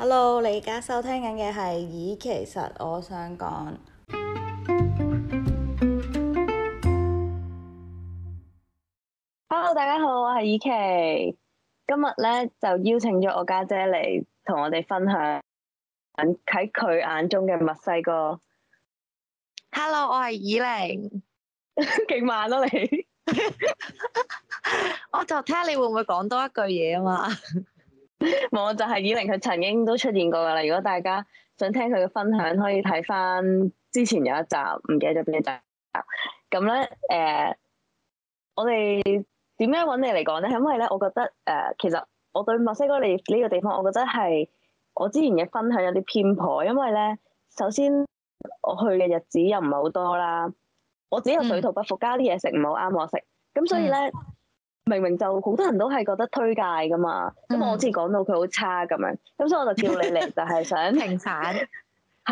Hello，你而家收聽緊嘅係綺琪，其實我想講。Hello，大家好，我係綺琪。今日咧就邀請咗我家姐嚟同我哋分享喺佢眼中嘅墨西哥。Hello，我係綺玲。勁 慢啊你？ 我就睇下你會唔會講多一句嘢啊嘛。冇， 就係 Yeeling 佢曾經都出現過噶啦。如果大家想聽佢嘅分享，可以睇翻之前有一集，唔記得咗邊一集。咁咧，誒、呃，我哋點樣揾你嚟講咧？因為咧，我覺得誒、呃，其實我對墨西哥呢呢個地方，我覺得係我之前嘅分享有啲偏頗，因為咧，首先我去嘅日子又唔係好多啦，我只有水土不服加，加啲嘢食唔好啱我食，咁所以咧。嗯明明就好多人都係覺得推介㗎嘛，咁、嗯、我好似講到佢好差咁樣，咁、嗯、所以我就叫你嚟就係想平反 反，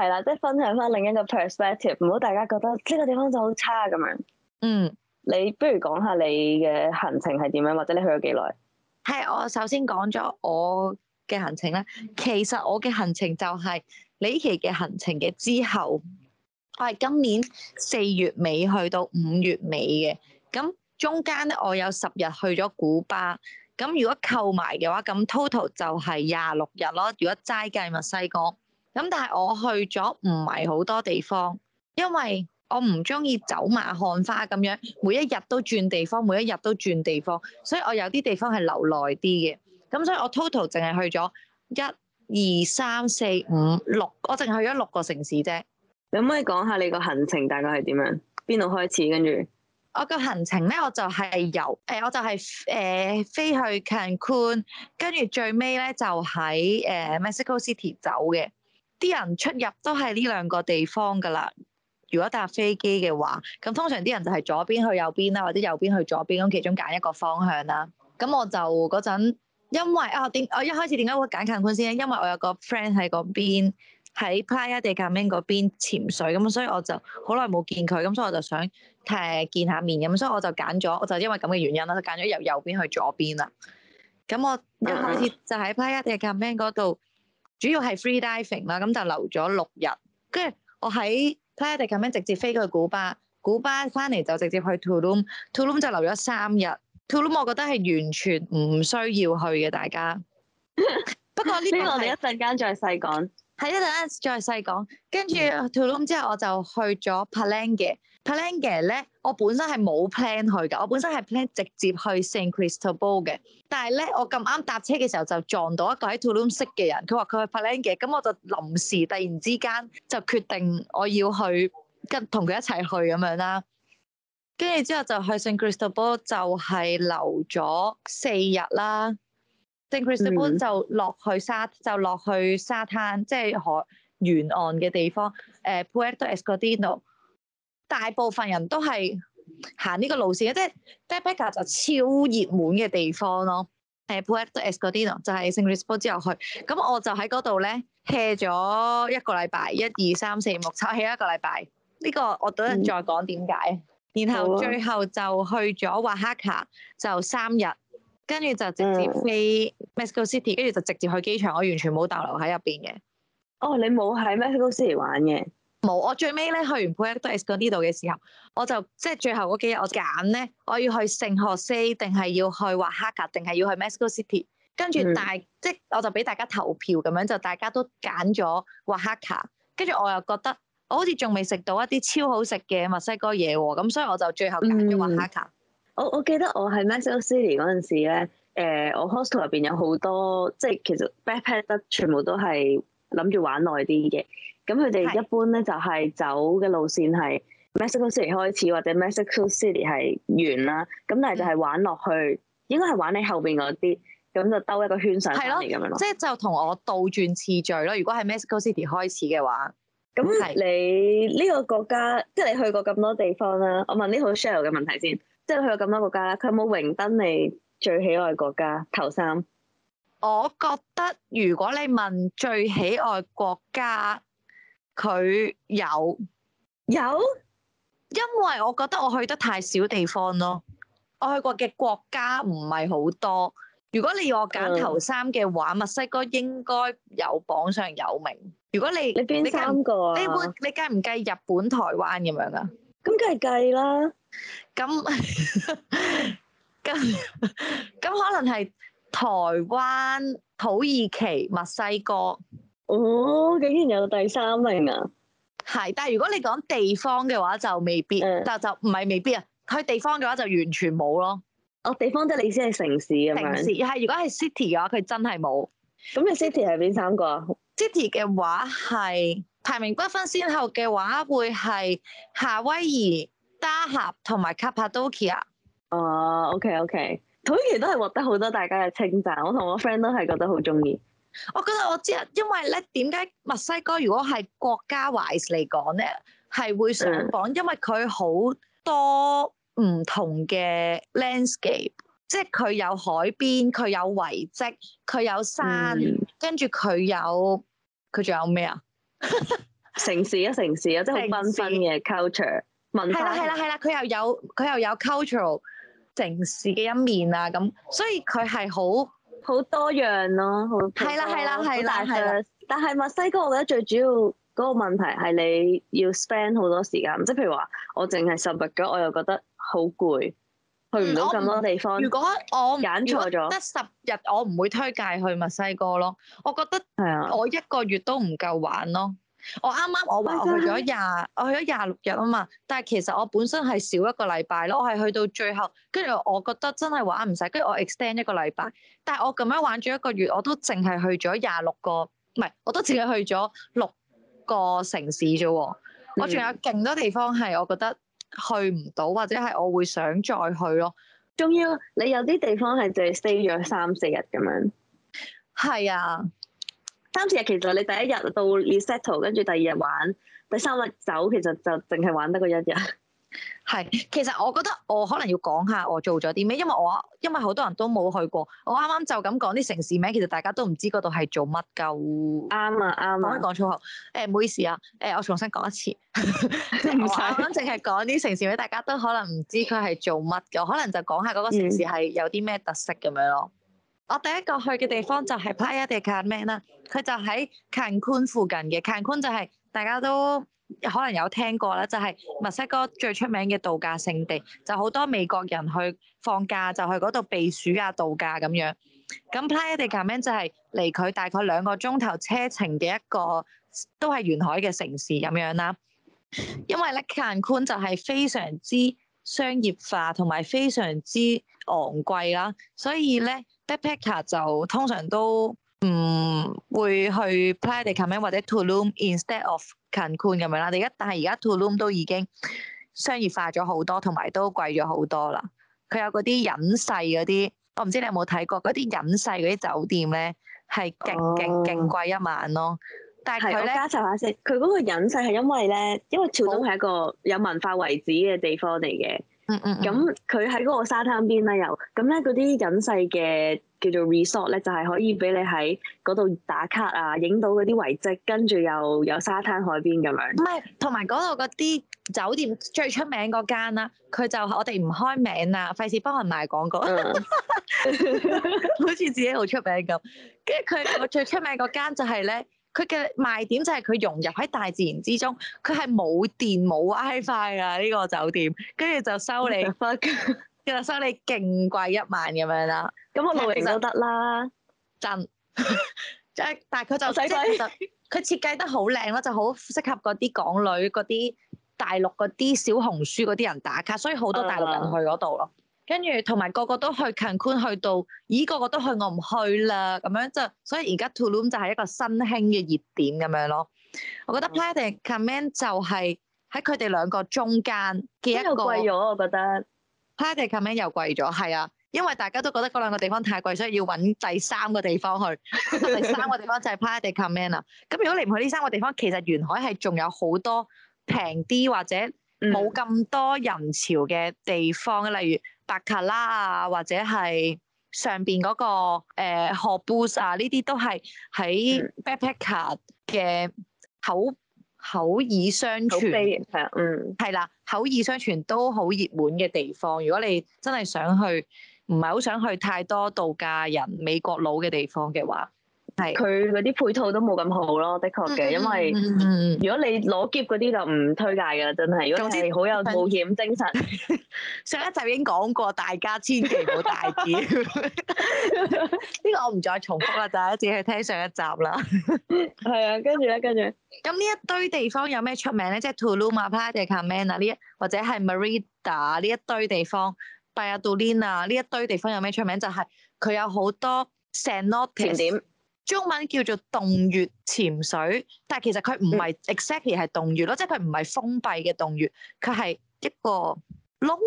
係啦， 即、就、係、是、分享翻另一個 perspective，唔好大家覺得呢個地方就好差咁樣。嗯，你不如講下你嘅行程係點樣，或者你去咗幾耐？係我首先講咗我嘅行程咧，其實我嘅行程就係李奇嘅行程嘅之後，我、哎、係今年四月尾去到五月尾嘅，咁。中間咧，我有十日去咗古巴，咁如果購埋嘅話，咁 total 就係廿六日咯。如果齋計墨西哥，咁但係我去咗唔係好多地方，因為我唔中意走馬看花咁樣，每一日都轉地方，每一日都轉地方，所以我有啲地方係留耐啲嘅。咁所以我 total 淨係去咗一、二、三、四、五、六，我淨係去咗六個城市啫。你可唔可以講下你個行程大概係點樣？邊度開始跟住？我個行程咧，我就係由誒，我就係誒飛、呃、飛去、Can、Cancun 跟住最尾咧就喺誒、呃、Mexico City 走嘅。啲人出入都係呢兩個地方㗎啦。如果搭飛機嘅話，咁通常啲人就係左邊去右邊啦，或者右邊去左邊，咁其中揀一個方向啦。咁我就嗰陣，因為啊點我一開始點解會揀 Cancun 先咧？因為我有個 friend 喺嗰邊。喺 Playa del Carmen 嗰邊潛水咁，所以我就好耐冇見佢，咁所以我就想誒見下面，咁所以我就揀咗，我就因為咁嘅原因啦，就揀咗由右邊去左邊啦。咁我一開始就喺 Playa del Carmen 嗰度，主要係 free diving 啦，咁就留咗六日。跟住我喺 Playa del Carmen 直接飛去古巴，古巴翻嚟就直接去 Tulum，Tulum、um、就留咗三日。Tulum 我覺得係完全唔需要去嘅，大家。不過呢啲 我哋一陣間再細講。喺一陣咧再細講，跟住 Tulum 之後我就去咗 Palenque。Palenque 咧，我本身係冇 plan 去嘅，我本身係 plan 直接去 San Cristobal 嘅。但係咧，我咁啱搭車嘅時候就撞到一個喺 Tulum 識嘅人，佢話佢去 Palenque，咁我就臨時突然之間就決定我要去跟同佢一齊去咁樣啦。跟住之後就去 San Cristobal，就係留咗四日啦。聖克里斯托就落去沙，就落去沙灘，即、就、係、是、河沿岸嘅地方。誒、呃、，Puerto Escondido 大部分人都係行呢個路線，即係 d a d a c a 就超熱門嘅地方咯。誒、呃、，Puerto Escondido 就係聖克里斯之後去，咁我就喺嗰度咧 hea 咗一個禮拜，一二三四五六七一個禮拜。呢、這個我等陣再講點解。嗯、然後最後就去咗瓦哈卡，啊、就三日。跟住就直接飛 Mexico City，跟住、mm. 就直接去機場，我完全冇逗留喺入邊嘅。哦，oh, 你冇喺 Mexico City 玩嘅？冇，我最尾咧去完 Puerto Escondido 嘅時候，我就即係最後嗰幾日，我揀咧，我要去聖荷西，定係要去瓦哈卡，定係要去 Mexico City。跟住大，mm. 即係我就俾大家投票咁樣，就大家都揀咗瓦哈卡。跟住我又覺得，我好似仲未食到一啲超好食嘅墨西哥嘢喎，咁所以我就最後揀咗瓦哈卡。我我記得我喺 Mexico City 嗰陣時咧，誒、呃、我 hostel 入邊有好多，即係其實 backpack 得全部都係諗住玩耐啲嘅。咁佢哋一般咧是就係走嘅路線係 Mexico City 開始，或者 Mexico City 係完啦。咁但係就係玩落去，嗯、應該係玩你後邊嗰啲，咁就兜一個圈上嚟咁樣。即係就同我倒轉次序咯。如果係 Mexico City 開始嘅話，咁你呢個國家即係你去過咁多地方啦、啊。我問呢套 share 嘅問題先。即係去過咁多國家啦，佢有冇榮登你最喜愛國家頭三？我覺得如果你問最喜愛國家，佢有有，因為我覺得我去得太少地方咯，我去過嘅國家唔係好多。如果你要我揀頭三嘅話，墨西哥應該有榜上有名。如果你你邊三個啊？你會你計唔計日本、台灣咁樣啊？咁梗係計啦。咁咁咁， 可能係台灣、土耳其、墨西哥哦。竟然有第三名啊！係，但係如果你講地方嘅話就未必，嗯、但就唔係未必啊。佢地方嘅話就完全冇咯。哦，地方即係意思係城市啊，咁樣市，係嗎如果係 city 嘅話，佢真係冇。咁你 city 係邊三個啊？city 嘅話係排名不分先後嘅話，會係夏威夷。加俠同埋卡帕多奇亞！哦、oh，OK OK，土耳其都係獲得好多大家嘅稱讚。我同我 friend 都係覺得好中意。我覺得我知，因為咧，點解墨西哥如果係國家 wise 嚟講咧係會上榜，嗯、因為佢好多唔同嘅 landscape，即係佢有海邊，佢有遺跡，佢有山，跟住佢有佢仲有咩啊？ 城市啊，城市啊，即係好繽紛嘅 culture。係啦係啦係啦，佢又有佢又有 cultural 城市嘅一面啊，咁所以佢係好好多樣咯。係啦係啦係啦係。但係墨西哥，我覺得最主要嗰個問題係你要 spend 好多時間，即係譬如話我淨係十日咗，我又覺得好攰，去唔到咁多地方。如果我揀錯咗，得十日，我唔會推介去墨西哥咯。我覺得我一個月都唔夠玩咯。我啱啱我話我去咗廿，我去咗廿六日啊嘛，但係其實我本身係少一個禮拜咯，我係去到最後，跟住我覺得真係玩唔晒。跟住我 extend 一個禮拜，但係我咁樣玩咗一個月，我都淨係去咗廿六個，唔係，我都淨係去咗六個城市啫喎，嗯、我仲有勁多地方係我覺得去唔到，或者係我會想再去咯。仲要你有啲地方係淨係 stay 咗三四日咁樣。係啊。三四日其實你第一日到 resettle，跟住第二日玩，第三日走，其實就淨係玩得嗰一日。係，其實我覺得我可能要講下我做咗啲咩，因為我因為好多人都冇去過，我啱啱就咁講啲城市名，其實大家都唔知嗰度係做乜鳩。啱啊啱啊，唔、啊啊、可以講粗口。誒、欸，唔好意思啊，誒、欸，我重新講一次。唔想啱啱淨係講啲城市名，大家都可能唔知佢係做乜嘅，我可能就講下嗰個城市係有啲咩特色咁樣咯。嗯我第一個去嘅地方就係 Playa del Carmen 啦，佢就喺坎昆附近嘅。坎昆就係、是、大家都可能有聽過啦，就係、是、墨西哥最出名嘅度假勝地，就好多美國人去放假就去嗰度避暑啊、度假咁樣。咁 Playa del Carmen 就係離佢大概兩個鐘頭車程嘅一個都係沿海嘅城市咁樣啦。因為咧，坎昆就係非常之商業化同埋非常之昂貴啦，所以咧。Petpetca 就通常都唔會去 Playa del Carmen 或者 Tulum，instead of Cancun 咁樣啦。但而家但係而家 Tulum 都已經商業化咗好多，同埋都貴咗好多啦。佢有嗰啲隱世嗰啲，我唔知你有冇睇過嗰啲隱世嗰啲酒店咧，係勁勁勁貴一晚咯。但係佢咧，我加插下先。佢嗰個隱世係因為咧，因為潮州係一個有文化遺址嘅地方嚟嘅。嗯嗯，咁佢喺嗰個沙灘邊啦，又咁咧嗰啲隱世嘅叫做 resort 咧，就係可以俾你喺嗰度打卡啊，影到嗰啲遺跡，跟住又有沙灘海邊咁樣。唔係、嗯，同埋嗰度嗰啲酒店最出名嗰間啦，佢就我哋唔開名啦，費事幫人賣廣告，好 似 自己好出名咁。跟住佢最出名嗰間就係、係、咧。佢嘅賣點就係佢融入喺大自然之中，佢係冇電冇 WiFi 㗎！呢、這個酒店，跟住就收你， 就收你勁貴一萬咁樣啦。咁我露營就得啦，真。即 係但係佢就使係，佢、 就是、設計得好靚咯，就好適合嗰啲港女、嗰啲大陸嗰啲小紅書嗰啲人打卡，所以好多大陸人去嗰度咯。啊跟住同埋個個都去 Cancun，去到咦個個都去，我去，我唔去啦咁樣就，所以而家 Tulum 就係一個新興嘅熱點咁樣咯。的我覺得 Playa del Carmen 就係喺佢哋兩個中間嘅一個。又貴咗，我覺得。Playa del Carmen 又貴咗，係啊，因為大家都覺得嗰兩個地方太貴，所以要揾第三個地方去。 第三個地方就係 Playa del Carmen 啦。咁、啊嗯、 如果你唔去呢三個地方，其實沿海係仲有好多平啲或者冇咁多人潮嘅地方，例如。白卡啦，ala，那個呃、us，啊，或者係上邊嗰個誒荷布斯啊，呢啲都係喺 Backpacker 嘅口口耳相傳，嗯，係啦，口耳相傳都好熱門嘅地方。如果你真係想去，唔係好想去太多度假人、美國佬嘅地方嘅話係佢嗰啲配套都冇咁好咯，的確嘅，因為如果你攞劫嗰啲就唔推介噶啦，真係。如果係好有冒險精神，上一集已經講過，大家千祈冇大叫。呢 個我唔再重複啦，就係一次去聽上一集啦。係啊、 嗯，跟住咧，跟住咧。咁呢一堆地方有咩出名咧？即係 Tulum 啊、Palenque 啊呢一，或者係 Merida 呢一堆地方，Bajadurina 呢一堆地方有咩出名？就係、是、佢有好多 cenotes 景點。中文叫做洞穴潛水，但係其實佢唔係 exactly 係洞穴咯，嗯、即係佢唔係封閉嘅洞穴，佢係一個窿，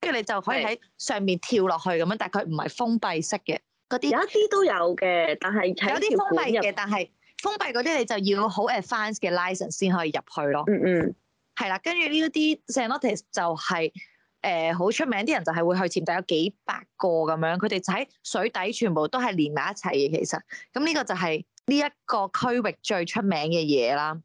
跟住你就可以喺上面跳落去咁樣，是但係佢唔係封閉式嘅嗰啲。有一啲都有嘅，但係有啲封閉嘅，但係封閉嗰啲你就要好 advanced 嘅 license 先可以入去咯。嗯嗯，係啦，跟住呢一啲 cenote 就係、是。誒好、呃、出名啲人就係會去潛，就有幾百個咁樣，佢哋就喺水底全部都係連埋一齊嘅。其實，咁呢個就係呢一個區域最出名嘅嘢啦。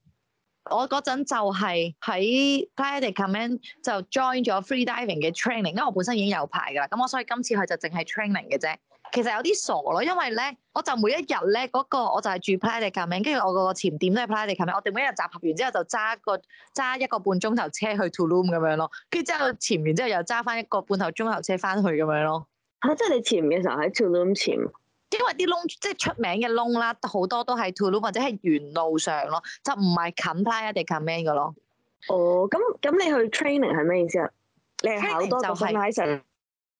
我嗰陣就係喺 Playa del Carmen 就 join 咗 free diving 嘅 training，因為我本身已經有牌㗎啦。咁我所以今次去就淨係 training 嘅啫。其實有啲傻咯，因為咧，我就每一日咧嗰個，我就係住 Playa del Carmen，跟住我個潛點都係 Playa del Carmen。Aman, 我哋每一日集合完之後就，就揸個揸一個半鐘頭車去 Tulum 咁樣咯，跟住之後潛完之後又揸翻一個半頭鐘頭車翻去咁樣咯。嚇、啊！即係你潛嘅時候喺 Tulum 潛，因為啲窿即係出名嘅窿啦，好多都喺 Tulum 或者係沿路上咯，就唔係近 Playa del Carmen 嘅咯。哦，咁咁你去 training 係咩意思啊？你係考多個 l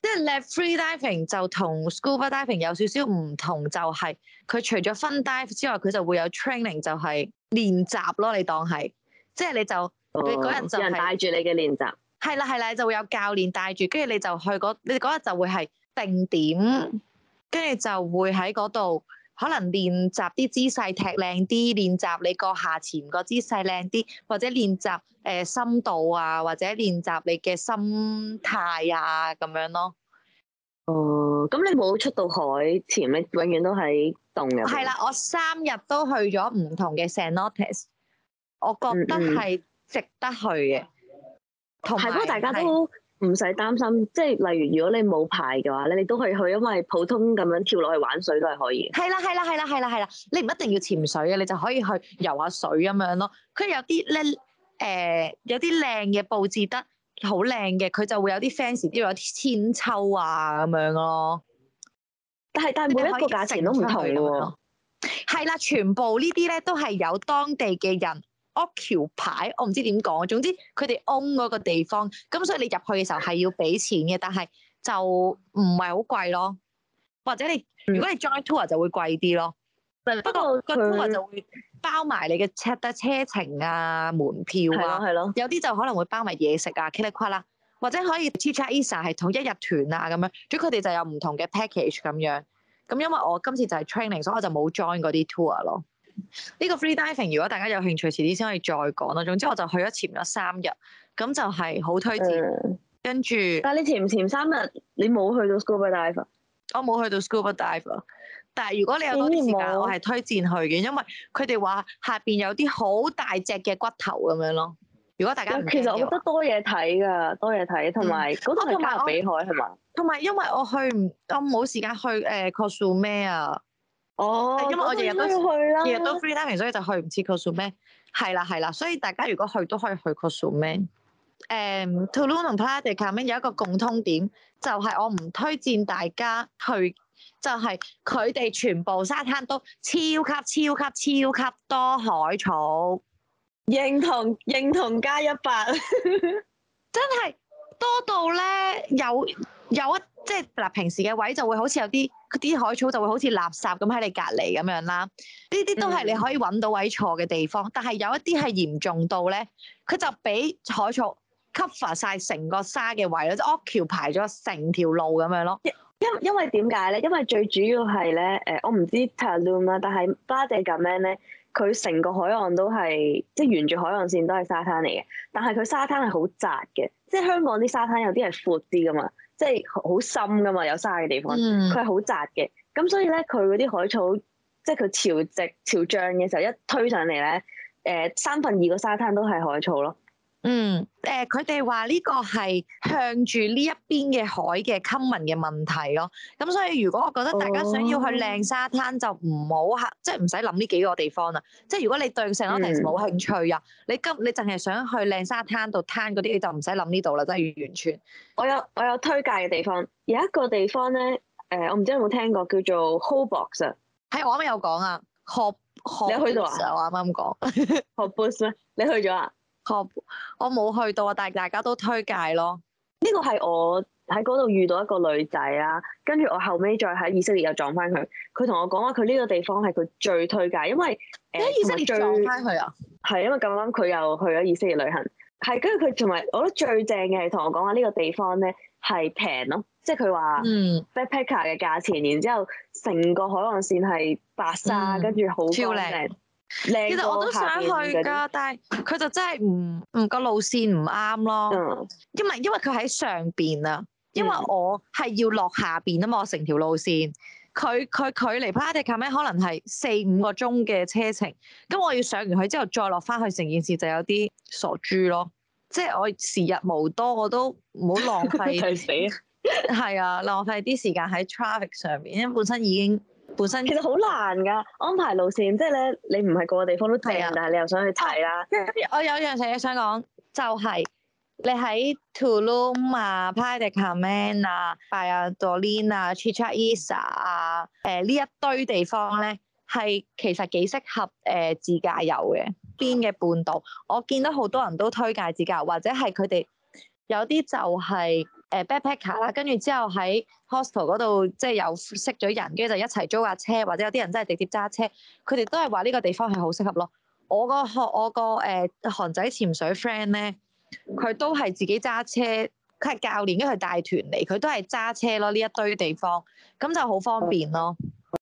即係 let free diving 就同 scuba diving 有少少唔同，就係佢除咗分 dive 之外，佢就會有 training，就係練習咯。你當係，即係你就、oh, 你嗰日就係有人帶住你嘅練習，係啦係啦，你就會有教練帶住，跟住你就去嗰你嗰日就會係定點，跟住就會喺嗰度。可能練習啲姿勢踢靚啲，練習你個下潛個姿勢靚啲，或者練習誒、呃、深度啊，或者練習你嘅心態啊咁樣咯。哦，咁你冇出到海潛咧，前永遠都喺洞入。係啦、啊，我三日都去咗唔同嘅聖諾提斯，我覺得係值得去嘅，同埋、嗯嗯。有唔使擔心，即係例如如果你冇牌嘅話咧，你都可以去，因為普通咁樣跳落去玩水都係可以。係啦，係啦，係啦，係啦，係啦，你唔一定要潛水嘅，你就可以去游下水咁樣咯。佢有啲咧，誒、呃、有啲靚嘅佈置得好靚嘅，佢就會有啲 fancy 啲，有啲千秋啊咁樣咯。但係但係，每一個價錢都唔同喎。係啦，全部呢啲咧都係有當地嘅人。屋橋牌，我唔知點講，總之佢哋 own 嗰個地方，咁所以你入去嘅時候係要俾錢嘅，但係就唔係好貴咯。或者你如果你 join tour 就會貴啲咯，不過個 tour 就會包埋你嘅車搭車程啊、門票啊，係咯係咯。有啲就可能會包埋嘢食啊、c u l i 啦，或者可以 t e a c h a i s a 係同一日團啊咁樣。所以佢哋就有唔同嘅 package 咁樣。咁因為我今次就係 training，所以我就冇 join 嗰啲 tour 咯。呢個 free diving 如果大家有興趣，遲啲先可以再講咯。總之我就去咗潛咗三日，咁就係好推薦。嗯、跟住著，但係你潛唔潛三日，你冇去到 scuba diver，我冇去到 scuba diver。但係如果你有嗰啲時間，我係推薦去嘅，因為佢哋話下邊有啲好大隻嘅骨頭咁樣咯。如果大家唔記得，其實我覺得多嘢睇㗎，多嘢睇，同埋嗰度係加勒比海係嘛？同埋、嗯、嗎因為我去唔，我冇時間去誒 course 咩啊？呃哦，oh, 因為我日日都，都去啦，日都 free diving，所以就去唔切 Cozumel，係啦，係啦，所以大家如果去都可以去 Cozumel。誒、um, Tulum 同 Playa del Carmen 有一個共通點，就係、是、我唔推薦大家去，就係佢哋全部沙灘都超級超級超級多海草，認同認同加一百，真係。多到咧，有有，一，即係嗱，平時嘅位就會好似有啲啲海草就會好似垃圾咁喺你隔離咁樣啦。呢啲都係你可以揾到位坐嘅地方，但係有一啲係嚴重到咧，佢就俾海草 cover 曬成個沙嘅位咯，即係 occupy 排咗成條路咁樣咯。因因為點解咧？因為最主要係咧，誒、呃、我唔知 Tulum 啦，但係巴厘島咁樣咧？佢成個海岸都係即係沿住海岸線都係沙灘嚟嘅，但係佢沙灘係好窄嘅。即係香港啲沙灘有啲係闊啲噶嘛，即係好深噶嘛，有沙嘅地方，佢係好窄嘅，咁所以咧佢嗰啲海草，即係佢潮汐潮漲嘅時候一推上嚟咧，誒、呃、三分二個沙灘都係海草咯。嗯，誒、呃，佢哋話呢個係向住呢一邊嘅海嘅溝紋嘅問題咯。咁所以如果我覺得大家想要去靚沙灘，哦、就唔好客，即係唔使諗呢幾個地方啦。即係如果你對成個地冇興趣啊、嗯，你今你淨係想去靚沙灘度攤嗰啲，你就唔使諗呢度啦，真係完全。我有我有推介嘅地方，有一個地方咧，誒、呃，我唔知有冇聽過叫做 Holbox 啊。係我啱啱有講啊 Hol Hol 你去到啊？我啱啱講 Holbox 你去咗啊？我冇去到啊，但係大家都推介咯。呢個係我喺嗰度遇到一個女仔啦，跟住我後尾再喺以色列又撞翻佢。佢同我講話佢呢個地方係佢最推介，因為喺以色列、呃、最撞翻佢啊。係因為咁啱佢又去咗以色列旅行，係跟住佢同埋我覺得最正嘅係同我講話呢個地方咧係平咯，即係佢話 backpacker 嘅價錢，嗯、然之後成個海岸線係白沙，跟住好靚。其實我都想去㗎，但係佢就真係唔唔個路線唔啱咯。因為因為佢喺上邊啊，因為我係要落下邊啊嘛，嗯、我成條路線。佢佢距離 Playa del Carmen 可能係四五個鐘嘅車程，咁我要上完去之後再落翻去，成件事就有啲傻豬咯。即係我時日無多，我都唔好浪費。係 死啊了！係 啊，浪費啲時間喺 traffic 上邊，因為本身已經。本身、就是、其實好難㗎，安排路線，即係咧，你唔係個個地方都睇，但係的你又想去睇啦、啊啊。我有樣嘢想講，就係、是、你喺 Tulum 啊、Playa del Carmen 啊、拜啊、Valladolid、Chichén Itzá 啊，誒呢一堆地方咧，係其實幾適合誒、呃、自駕遊嘅邊嘅半島。我見到好多人都推介自駕遊，或者係佢哋有啲就係、是。誒 backpacker 啦，跟住之後喺 hostel 嗰度即係有識咗人，跟住就一齊租架車，或者有啲人真係直接揸車。佢哋都係話呢個地方係好適合咯。我個學我個誒、呃、韓仔潛水 friend 咧，佢都係自己揸車，佢係教練，因為佢帶團嚟，佢都係揸車咯。呢一堆地方咁就好方便咯。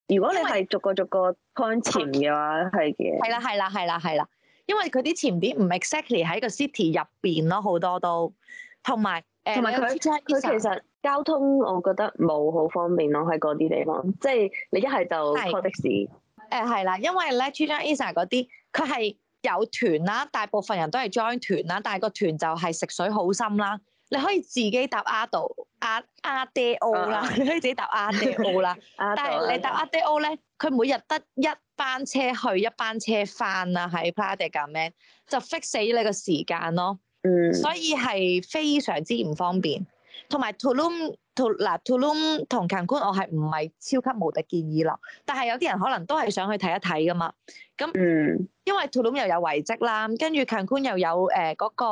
如果你係逐，逐個逐個潛潛嘅話，係嘅。係啦係啦係啦係啦，因為佢啲潛點唔 exactly 喺個 city 入邊咯，好多都同埋。同埋佢佢其實交通我覺得冇好方便咯，喺嗰啲地方，即係、就是、你一係就 call 的士。誒係啦，因為咧 Chichen Itza 嗰啲佢係有團啦，大部分人都係 join 團啦，但係個團就係食水好深啦。你可以自己搭阿道阿阿爹奧啦，你、啊、 可以自己搭阿爹奧啦。 但係你搭阿爹奧咧，佢每日得一班車去，一班車翻啊，喺 Playa del Carmen 就 fix 死你個時間咯。嗯，所以係非常之唔方便，同埋 Tulum，同嗱 Tulum 同 Cancun 我係唔係超級無敵建議啦。但係有啲人可能都係想去睇一睇噶嘛。咁，嗯、因為 Tulum 又有遺跡啦，跟住 Cancun 又有誒嗰、呃那個、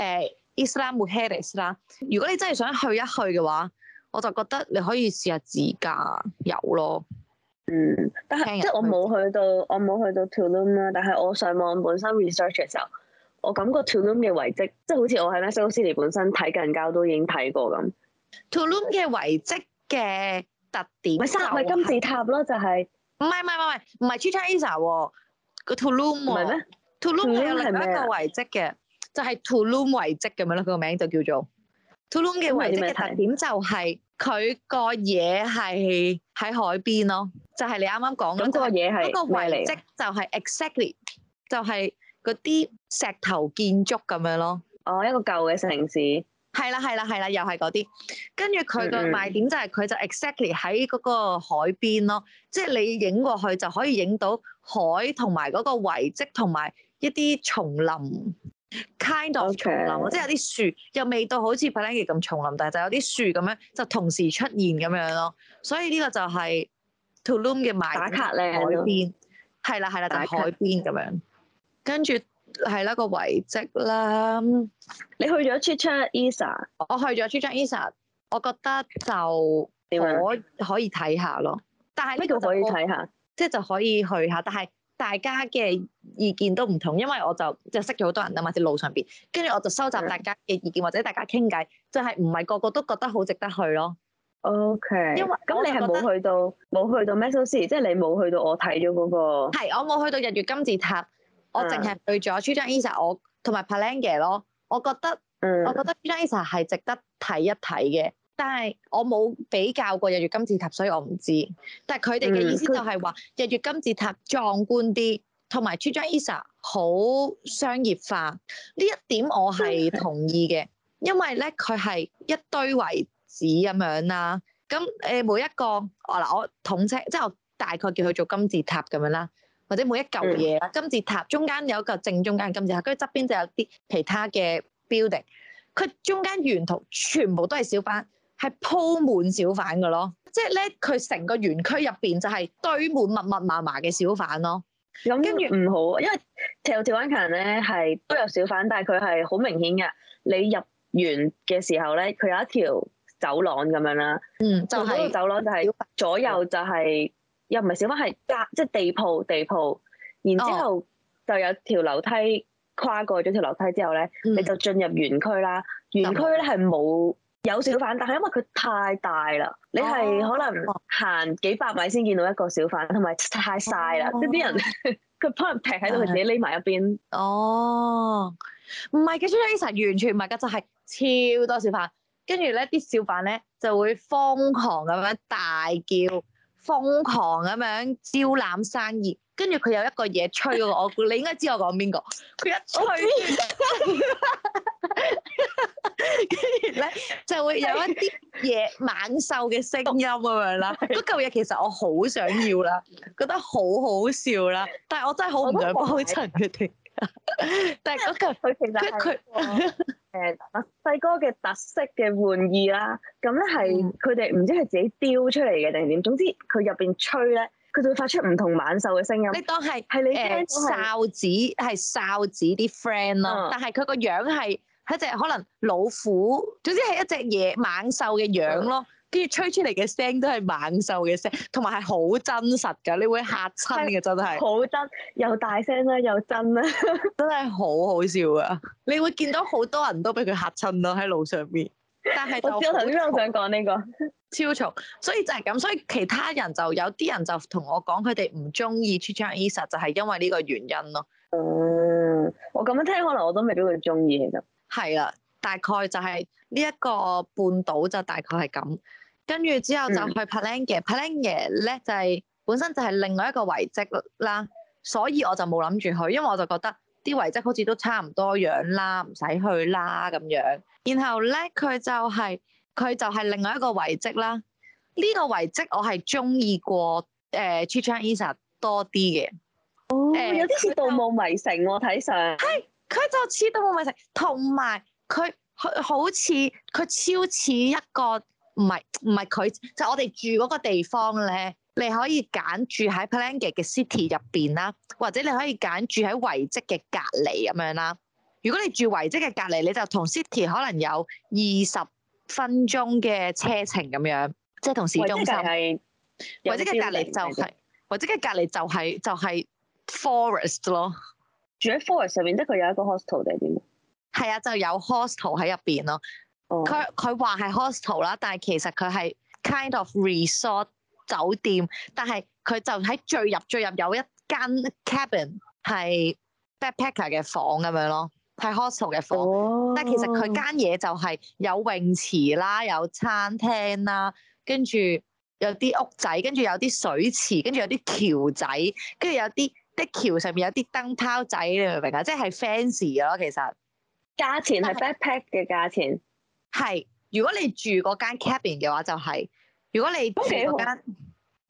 呃、Isla Mujeres 啦。如果你真係想去一去嘅話，我就覺得你可以試下自駕遊咯。嗯，但係即係我冇去到，我冇去到 Tulum 啦。但係我上網本身 research 嘅時候，我感覺 Tulum 嘅遺蹟，即係好似我喺 Mexico City 本身睇近郊都已經睇過咁。Tulum 嘅遺蹟嘅特點，就是，咪沙咪金字塔咯，就係唔係唔係唔係唔係，唔係 Chichén Itzá 喎，個 Tulum 喎。係咩？Tulum 係另一個遺蹟嘅，就係、是、Tulum 遺蹟咁樣咯。佢個名就叫做 Tulum 嘅遺蹟嘅特點就係佢個嘢係喺海邊咯，就係、是、你啱啱講嗰個嘢係遺蹟，就係 exactly，就係、是。嗰啲石頭建築咁樣咯，哦，一個舊嘅城市，係啦係啦係啦，又係嗰啲，跟住佢個賣點就係佢就 exactly 喺嗰個海邊咯，即係你影過去就可以影到海同埋嗰個遺迹同埋一啲叢林 kind of 叢林，Okay. 即係有啲樹又未到好似 Palenque 咁叢林，但係就有啲樹咁樣就同時出現咁樣咯，所以呢個就係 Tulum 嘅賣點打卡呢，海邊係啦係啦，就係海邊咁樣。跟住係啦個遺跡啦，你去咗 Chichen Itza，我去咗 Chichen Itza，我覺得就我可以睇下咯。但係呢個可以睇下，即係就可以去下。但係大家嘅意見都唔同，因為我就就識咗好多人啦，或者路上邊，跟住我就收集大家嘅意見、嗯、或者大家傾偈，就係唔係個個都覺得好值得去咯。OK，因為咁那你係冇去到冇去到 Mexico City，即係你冇去到我睇咗嗰個。係，我冇去到日月金字塔。我淨係去咗 Chichén Itzá 我同埋 Palenque 咯，我覺得我覺得 Chichén Itzá 係值得睇一睇嘅，但係我冇比較過日月金字塔，所以我唔知。但係佢哋嘅意思就係話、嗯、日月金字塔壯觀啲，同埋 Chichén Itzá 好商業化呢一點我係同意嘅， 因為咧佢係一堆遺址咁樣啦。咁誒每一個我嗱，我統稱即係我大概叫佢做金字塔咁樣啦。或者每一嚿嘢啦，嗯、金字塔中間有一嚿正中間金字塔，跟住側邊就有啲其他嘅 building。佢中間沿途全部都係小販，係鋪滿小販嘅咯。即係咧，佢成個園區入邊就係堆滿密密麻麻嘅小販咯。咁跟住唔好，就係、因為《跳跳蛙城》咧係都有小販，但係佢係好明顯嘅。你入園嘅時候咧，佢有一條走廊咁樣啦。嗯，就係、係。走廊就係左右就係、係。又唔係小販，係隔即係地鋪，地鋪，然之後就有條樓梯，跨過咗條樓梯之後咧，嗯、你就進入園區啦。園區咧係冇有小販，但係因為佢太大啦，你係可能行幾百米先見到一個小販，同埋太晒啦，哦、即係啲人佢可能擗喺度，佢自己匿埋一邊。哦，唔係嘅，Jason，完全唔係㗎，就係、是、超多小販，跟住咧啲小販咧就會瘋狂咁樣大叫。瘋狂咁樣招攬生意，跟住佢有一個嘢吹我，估你應該知我講邊個？佢 一吹跟住咧就會有一啲嘢猛獸嘅聲音咁樣啦。嗰嚿嘢其實我好想要啦， 覺得好好笑啦，但係我真係好唔想幫襯佢哋。但係嗰嚿，佢其實係、呢個。 墨西哥嘅特色嘅玩意啦，咁咧係佢哋唔知係自己雕出嚟嘅定係點，總之佢入邊吹咧，佢就會發出唔同猛獸嘅聲音。你當係誒、呃、哨子係哨子啲 friend 咯，但係佢個樣係一隻可能老虎，總之係一隻嘢，猛獸嘅樣咯。嗯跟住吹出嚟嘅聲都係猛獸嘅聲，同埋係好真實㗎，你會嚇親嘅，真係好真又大聲啦、啊，又真啦、啊， 真係好好笑㗎！你會見到好多人都俾佢嚇親咯，喺路上邊。但係 我知道我頭先我想講呢個 超嘈，所以就係咁，所以其他人就有啲人就同我講佢哋唔中意 Chichen Itza 就係因為呢個原因咯。哦、嗯，我咁樣聽，可能我都未俾佢中意，其實係啦。大概就係呢一個半島就大概係咁，跟住之後就去 Palenque。Palenque 咧就係、是、本身就係另外一個遺跡啦，所以我就冇諗住去，因為我就覺得啲遺跡好似都差唔多樣啦，唔使去啦咁樣。然後咧佢就係、是、佢就係另外一個遺跡啦。呢、這個遺跡我係中意過誒、呃、Chichén Itzá 多啲嘅。哦，呃、有啲似盜墓迷城我睇上係，佢就似盜墓迷城，同埋就。佢佢好似，佢超似一個，唔係唔係佢，就係、我哋住嗰個地方咧，你可以揀住喺 Palenque 嘅 city 入邊啦，或者你可以揀住喺遺跡嘅隔離咁樣啦。如果你住遺跡嘅隔離，你就同 city 可能有二十分鐘嘅車程咁樣，的即係同市中心。遺跡嘅隔離就係，遺跡嘅隔離就係、是、就係、是就是就是、forest 咯。住喺 forest 上面，即佢有一個 hostel 定係點？係啊，就有 hostel 喺入邊咯。佢佢話係 hostel 啦，host ile，但係其實佢係 kind of resort 酒店。但係佢就喺最入最入有一間 cabin 係 backpacker 嘅房咁樣咯，係 hostel 嘅房。Oh. 但係其實佢間嘢就係有泳池啦，有餐廳啦，跟住有啲屋仔，跟住有啲水池，跟住有啲橋仔，跟住有啲的橋上面有啲燈泡仔，你明唔明啊？即係 fancy 咯，其實。價錢係 backpack 嘅價錢，係。如果你住嗰間 cabin 嘅話，就係、係。如果你住嗰間，okay，啊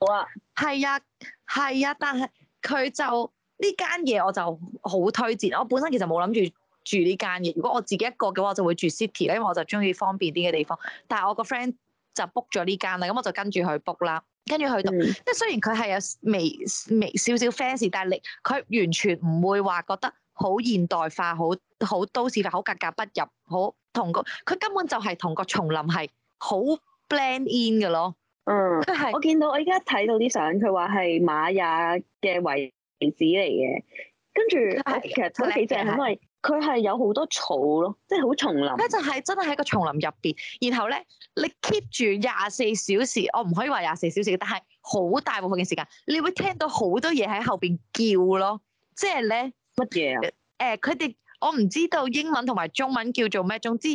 好啊。係啊，係啊，但係佢就呢間嘢我就好推薦。我本身其實冇諗住住呢間嘢，如果我自己一個嘅話，就會住 city 咧，因為我就中意方便啲嘅地方。但係我個 friend 就 book 咗呢間啦，咁我就跟住去 book 啦。跟住去到，即係雖然佢係有微微少少 fancy，但係你佢完全唔會話覺得。好現代化，好好都市化，好格格不入，好同個佢根本就係同個叢林係好 blend in 嘅咯。嗯，佢係我見到我而家睇到啲相，佢話係馬雅嘅遺址嚟嘅，跟住佢其實都幾正，因為佢係有好多草咯，即係好叢林。咁就係真係喺個叢林入邊，然後咧，你 keep 住廿四小時，我唔可以話廿四小時，但係好大部分嘅時間，你會聽到好多嘢喺後邊叫咯，即係咧。乜嘢啊？誒，佢哋我唔知道英文同埋中文叫做咩。總之，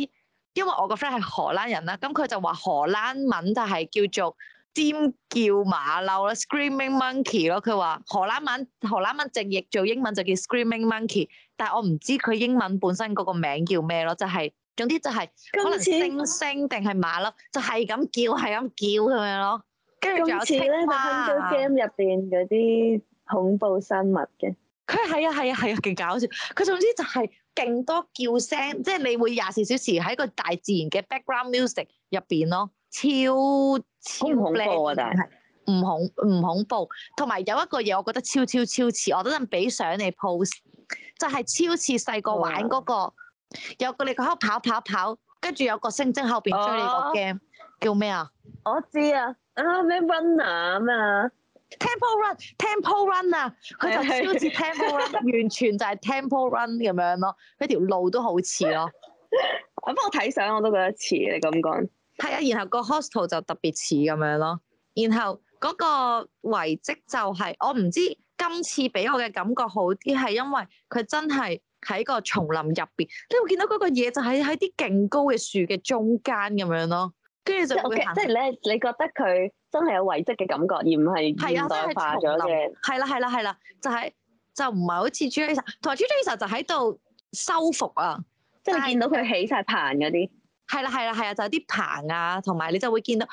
因為我個 friend 係荷蘭人啦，咁佢就話荷蘭文就係叫做尖叫馬騮啦，screaming monkey 咯。佢話荷蘭文荷蘭文直譯做英文就叫 screaming monkey，但係我唔知佢英文本身嗰個名叫咩咯，就係總之就係可能猩猩定係馬騮，就係咁叫，係咁叫咁樣咯。跟住仲有呢，就係啲 game 入邊嗰啲恐怖生物嘅。佢係啊，係啊，係啊，勁搞笑。佢總之就係勁多叫聲，即係你會廿四小時喺個大自然嘅 background music 入邊咯，超超。恐怖啊！但係唔恐唔恐怖，同埋有，有一個嘢，我覺得超超超似。我等陣俾相你 post 就係、是、超似細個玩嗰、那個，哇有個你嗰刻跑跑跑，跟住有個猩猩後邊追你個 game，、哦、叫咩啊，啊？我知啊，啊咩 runner 啊？Temple run，Temple run 啊，佢就超似 Temple run， 完全就係 Temple run 咁樣咯。佢條路都好似咯， 咁我睇相我都覺得似，你咁講。係啊，然後個 hostel 就特別似咁樣咯。然後嗰個遺跡就係、是、我唔知今次俾我嘅感覺好啲，係因為佢真係喺個叢林入邊，你會見到嗰個嘢就係喺啲勁高嘅樹嘅中間咁樣咯。跟住就會即係你，你覺得佢真係有遺迹嘅感覺，而唔係現代化咗嘅。係啦係啦係啦，就係就唔係好似朱塞斯，同埋朱塞斯就喺度修復啊，即係你見到佢起晒棚嗰啲。係啦係啦係啊，就有啲棚啊，同埋你就會見到，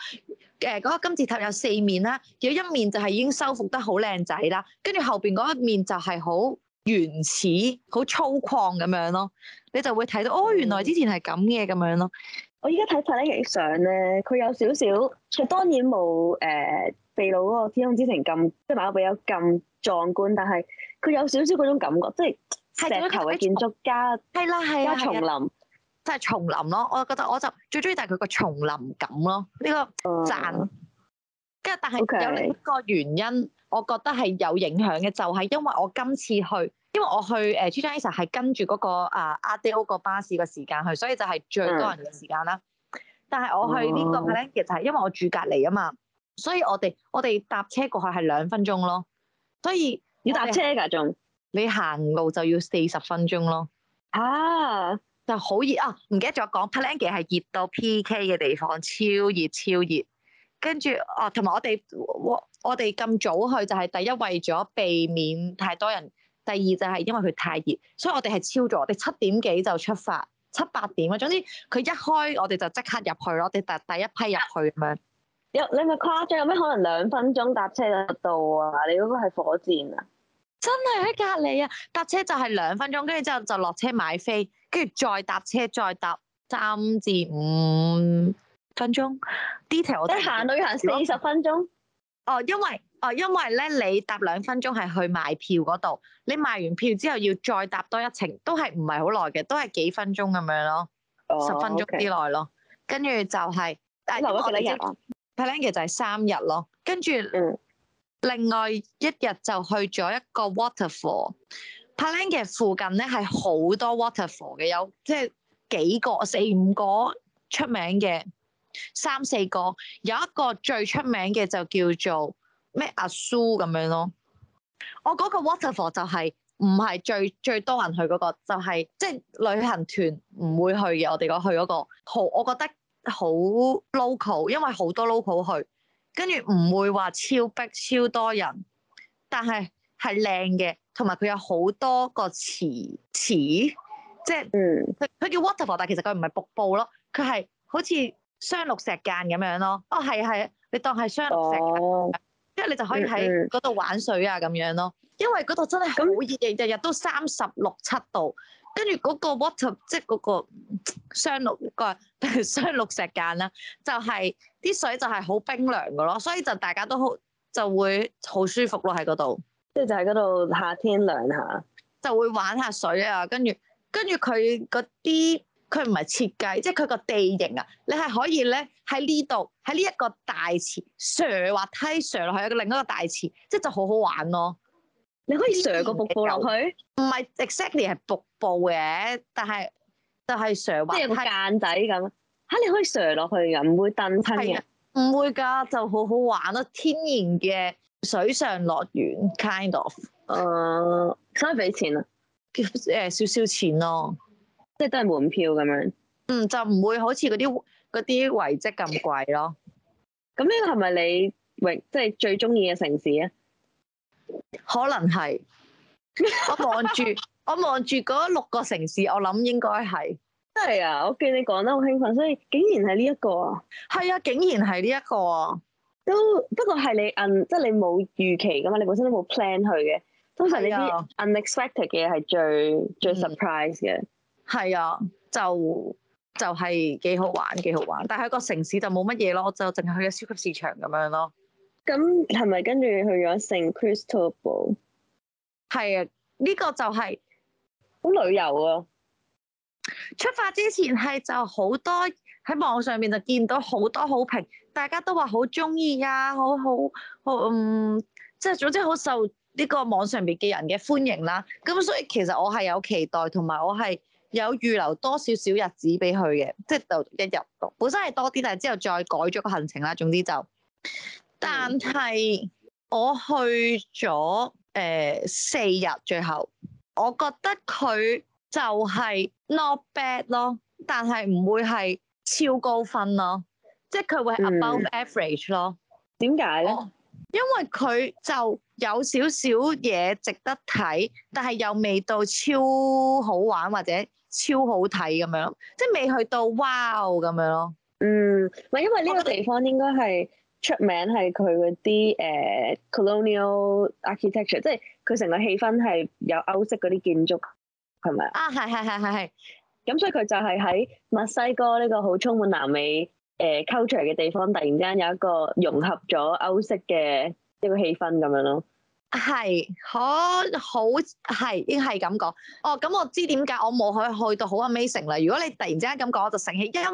誒嗰個金字塔有四面啦，有一面就係已經修復得好靚仔啦，跟住後邊嗰一面就係好原始、好粗獷咁樣咯，你就會睇到哦，原來之前係咁嘅咁樣咯。我而家睇《泰坦尼克》上咧，佢有少少，佢當然冇誒秘魯嗰個天空之城咁，即係《馬可波羅》咁壯觀，但係佢有少少嗰種感覺，即係石頭嘅建築家，係啦係啦，叢林，即係叢林咯，我覺得我就最中意就係佢個叢林感咯，呢、這個讚。跟住、嗯，但係佢有另一個原因。Okay. 我覺得係有影響嘅，就係、是、因為我今次去，因為我去誒 Gianisa 係跟住嗰個啊阿迪歐個巴士個時間去，所以就係最多人嘅時間啦。嗯、但係我去呢個 Palenque 就係因為我住隔籬啊嘛，哦、所以我哋我哋搭車過去係兩分鐘咯。所以要搭車㗎、啊，仲你行路就要四十分鐘咯。啊，但好熱啊！唔記得咗講 Palenque 係熱到 PK 嘅地方，超熱超熱。跟住哦，同埋、啊、我哋我哋咁早去就係第一為咗避免太多人，第二就係因為佢太熱，所以我哋係超咗，我哋七點幾就出發，七八點啊，總之佢一開我哋就即刻入去咯，我哋第第一批入去咁樣。有你咪誇張？有咩可能兩分鐘搭車就到啊？你嗰個係火箭啊？真係喺隔籬啊！搭車就係兩分鐘，跟住之後就落車買飛，跟住再搭車再搭三至五分鐘。啲，我哋行到要行四十分鐘。 哦，因為，哦，因為咧，你搭兩分鐘係去買票嗰度，你賣完票之後要再搭多一程，都係唔係好耐嘅，都係幾分鐘咁樣咯，十、哦、分鐘之內咯，跟住就係，誒，我你，Palenque 就係三日咯，跟住，另外一日就去咗一個 waterfall，Palenque、嗯、附近咧係好多 waterfall 嘅，有即係、就是、幾個四五個出名嘅。三四個，有一個最出名嘅就叫做咩阿蘇咁樣咯。我嗰個 waterfall 就係唔係最最多人去嗰、嗰個，就係即係旅行團唔會去嘅。我哋、嗰個去嗰個好，我覺得好 local，因為好多 local 去，跟住唔會話超逼超多人，但係係靚嘅，同埋佢有好多個池池，即係嗯，佢佢叫 waterfall，但其實佢唔係瀑布咯，佢係好似。雙鹿石澗咁樣咯，哦係啊係啊，你當係雙鹿石澗，即係、哦、你就可以喺嗰度玩水啊咁樣咯，嗯嗯因為嗰度真係好熱，日日、嗯、都三十六七度，跟住嗰個 water 即係嗰個雙鹿個雙鹿石澗啦、就是，就係啲水就係好冰涼噶咯，所以就大家都好就會好舒服咯喺嗰度，即係就喺嗰度夏天涼下，就會、啊、就下就會玩下水啊，跟住跟住佢嗰啲。佢唔係設計，即係佢個地形啊！你係可以咧喺呢度喺呢一個大池瀡滑，滑梯瀡落去有另一個大池，即係就好好玩咯！你可以瀡個瀑布落去？唔係 exactly 係瀑布嘅，但係就係、是、瀡滑，滑梯。即係個間仔咁嚇，你可以上落去㗎，唔會蹬梯㗎。唔、啊、會㗎，就好好玩咯！天然嘅水上樂園，kind of，誒、uh，使唔使俾錢啊？誒，少少錢咯。即係都係門票咁樣，嗯，就唔會好似嗰啲啲遺跡咁貴咯。咁呢、嗯、個係咪你即係、即係、最中意嘅城市咧？可能係。我望住 我望住嗰六個城市，我諗應該係。係啊，我見你講得好興奮，所以竟然係呢一個啊！係啊，竟然係呢一個啊！都不過係你 u 即係你冇預期噶嘛，你本身都冇 plan 去嘅。通常你啲 unexpected 嘅嘢係最最 surprise 嘅。係啊，就就係、是、幾好玩，幾好玩。但係個城市就冇乜嘢咯，就淨係去個超級市場咁樣咯。咁係咪跟住去咗聖 Cristóbal？係啊，呢、這個就係、是。好旅遊啊！出發之前係就好多喺網上面就見到好多好評，大家都話好中意啊，好好好嗯，即係總之好受呢個網上面嘅人嘅歡迎啦。咁所以其實我係有期待，同埋我係。有預留多少少日子俾佢嘅，即係就一入到本身係多啲，但係之後再改咗個行程啦。總之就，但係我去咗誒、呃、四日，最後我覺得佢就係 not bad 咯，但係唔會係超高分咯，即係佢會係 above average 咯。點解咧？因為佢就有少少嘢值得睇，但係又未到超好玩或者，超好睇咁樣，即係未去到 wow 咁樣咯。嗯，唔係因為呢個地方應該係 出名係佢嗰啲誒 colonial architecture，即係佢成個氣氛係有歐式嗰啲建築係咪啊？啊，係係係係係。咁所以佢就係喺墨西哥呢個好充滿南美誒、uh, culture 嘅地方，突然之間有一個融合咗歐式嘅一個氣氛咁樣咯。係，好，好，係，應該係咁講。哦，咁我知點解，我冇去去到好 amazing 啦。如果你突然之間咁講，我就醒起，因為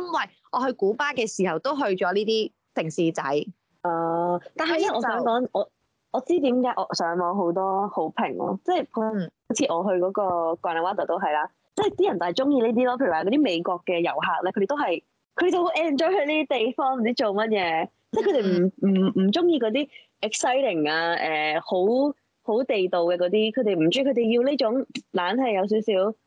我去古巴嘅時候都去咗呢啲城市仔。誒、uh,，但係我想講，我我知點解，我上網好多好評咯，即係可能好似我去嗰個 Guanajuato 都係啦，即係啲人就係中意呢啲咯，譬如話嗰啲美國嘅遊客咧，佢哋都係，佢就好 enjoy 去呢啲地方，唔知做乜嘢，即係佢哋唔唔唔中意嗰啲。Exciting 啊，誒、呃、好好地道嘅嗰啲，佢哋唔知佢哋要呢種懶係有少少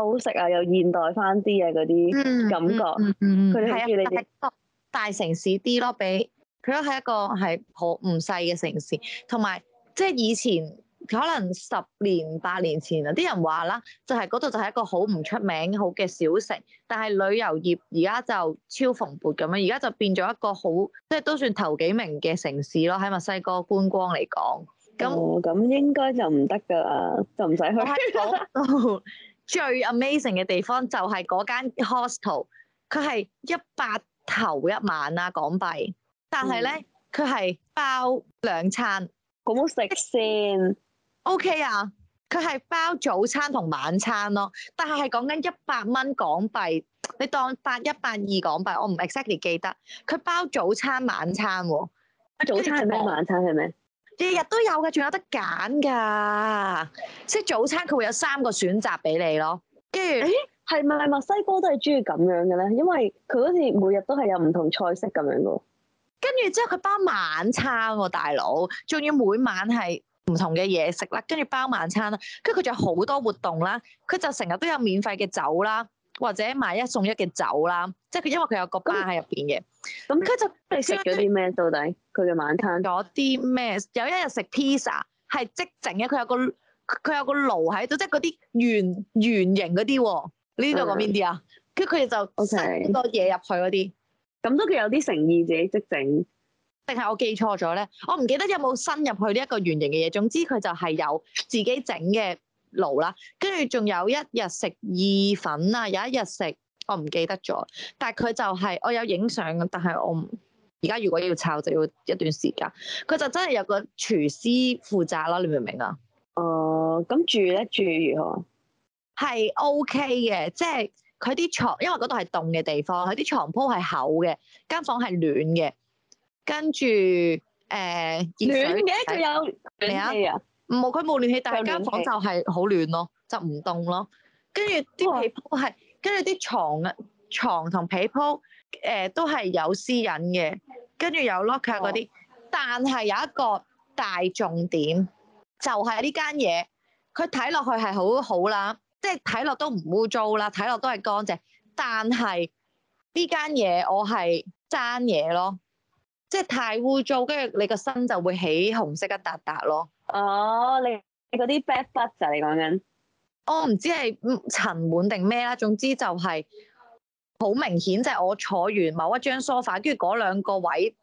歐式啊，又現代翻啲嘅嗰啲感覺。嗯嗯嗯，係、嗯、啊，嗯、大城市啲咯，比佢都係一個係好唔細嘅城市，同埋即係以前。可能十年八年前啊，啲人話啦，就係嗰度就係一個好唔出名好嘅小城，但係旅遊業而家就超蓬勃咁啊！而家就變咗一個好，即係都算頭幾名嘅城市咯，喺墨西哥觀光嚟講。咁咁應該就唔得㗎啦，就唔使去。喺嗰度 最 amazing 嘅地方就係嗰間 hostel，佢係一百頭一晚啊港幣，但係咧佢係包兩餐，咁好食先。嗯 OK 啊，佢係包早餐同晚餐咯，但係係講緊一百蚊港幣，你當百一百二港幣，我唔 exactly 記得，佢包早餐晚餐喎。早餐係咩？晚餐係咩？日日都有噶，仲有得揀噶。即係早餐佢會有三個選擇俾你咯。跟住，誒、欸，係咪墨西哥都係中意咁樣嘅咧？因為佢好似每日都係有唔同菜式咁樣咯。跟住之後佢包晚餐喎，大佬，仲要每晚係。唔同嘅嘢食啦，跟住包晚餐啦，跟住佢仲有好多活動啦。佢就成日都有免費嘅酒啦，或者買一送一嘅酒啦。即係因為佢有個吧喺入邊嘅。咁跟住你食咗啲咩？到底佢嘅就晚餐？食咗啲咩？有一日食披薩係即整嘅，佢有個佢有個爐喺度，即係嗰啲圓圓形嗰啲。呢度講邊啲啊？跟住佢哋就塞好多嘢入去嗰啲，咁都佢有啲誠意自己即整。定係我記錯咗咧？我唔記得有冇伸入去呢一個圓形嘅嘢。總之佢就係有自己整嘅爐啦，跟住仲有一日食意粉啊，有一日食我唔記得咗。但係佢就係、是、我有影相，但係我唔。而家如果要炒，就要一段時間。佢就真係有個廚師負責咯，你明唔明啊？哦、呃，咁住咧住如何？係 OK 嘅，即係佢啲床，因為嗰度係凍嘅地方，佢啲床鋪係厚嘅，間房係暖嘅。跟住誒，呃、熱暖嘅，佢有暖氣啊，唔係佢冇暖氣，暖氣，但係間房間就係好暖咯，就唔凍咯。跟住啲被鋪係，跟住啲床啊床同被鋪誒都係有私隱嘅，跟住有 locker 嗰啲，但係有一個大重點就係呢間嘢，佢睇落去係好好啦，即係睇落都唔污糟啦，睇落都係乾淨。但係呢間嘢我係爭嘢咯。即係太污糟，跟住你個身就會起紅色一笪笪咯。哦，你 bad、啊、你嗰啲 bed bugs 就你講緊？我唔知係塵蟎定咩啦，總之就係好明顯，即係我坐完某一張梳化，跟住嗰兩個位，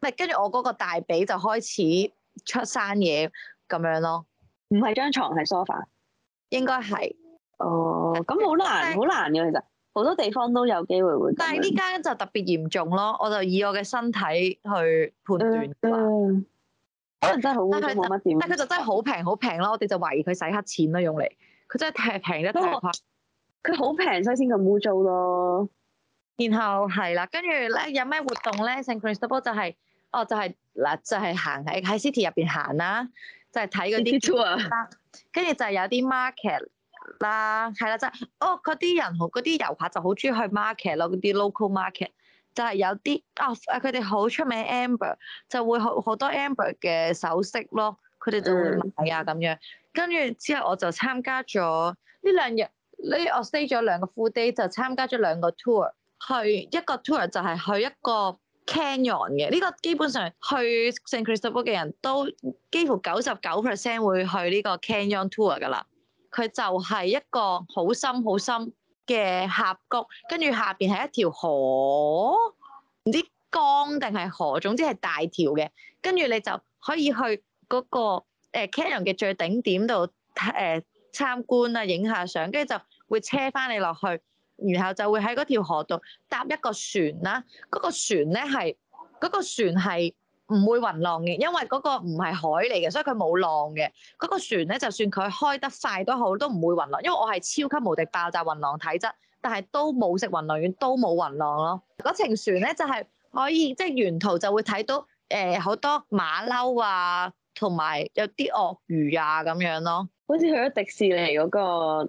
唔係跟住我嗰個大髀就開始出生嘢咁樣咯。唔係張床，係梳化。f a 應該係。哦，咁好難，好是難嘅其實。好多地方都有機會會，但係呢間就特別嚴重咯。我就以我嘅身體去判斷，可能、呃呃、真係好。但冇乜點，但佢就真係好平，好平、哦、咯。我哋就懷疑佢使黑錢咯，用嚟佢真係太平得太快，佢好平所以先咁污糟咯。然後係啦，跟住咧有咩活動咧？San Cristóbal 就係、是，哦就係嗱就係行喺喺 city 入邊行啦，就係睇嗰啲 tour，跟住就有啲 market。啦，係啦，就哦，嗰啲人同嗰啲遊客就好中意去 market 咯，嗰啲 local market 就係有啲啊，佢哋好出名 amber，就會好好多 amber 嘅首飾咯，佢哋就會買啊咁、嗯、樣。跟住之後我就參加咗呢兩日，呢我 stay 咗兩個 full day 就參加咗兩個 tour，去一個 tour 就係去一個 canyon 嘅，呢、呢個基本上去 San Cristóbal 嘅人都幾乎九十九 percent 會去呢個 canyon tour 㗎啦。佢就係一個好深好深嘅峽谷，跟住下邊係一條河，唔知江定係河，總之係大條嘅。跟住你就可以去嗰個 canyon 嘅最頂點度誒參觀啊，影下相，跟住就會車翻你落去，然後就會喺嗰條河度搭一個船啦。嗰、嗰個船咧係嗰個船係。唔會暈浪嘅，因為嗰個唔係海嚟嘅，所以佢冇浪嘅。嗰個船咧，就算佢開得快都好，都唔會暈浪，因為我係超級無敵爆炸暈浪體質，但係都冇食暈浪丸，都冇暈浪咯。嗰程船咧就係可以即係沿途就會睇到誒好多馬騮啊，同埋有啲鱷魚啊咁樣咯。好似去咗迪士尼嗰個，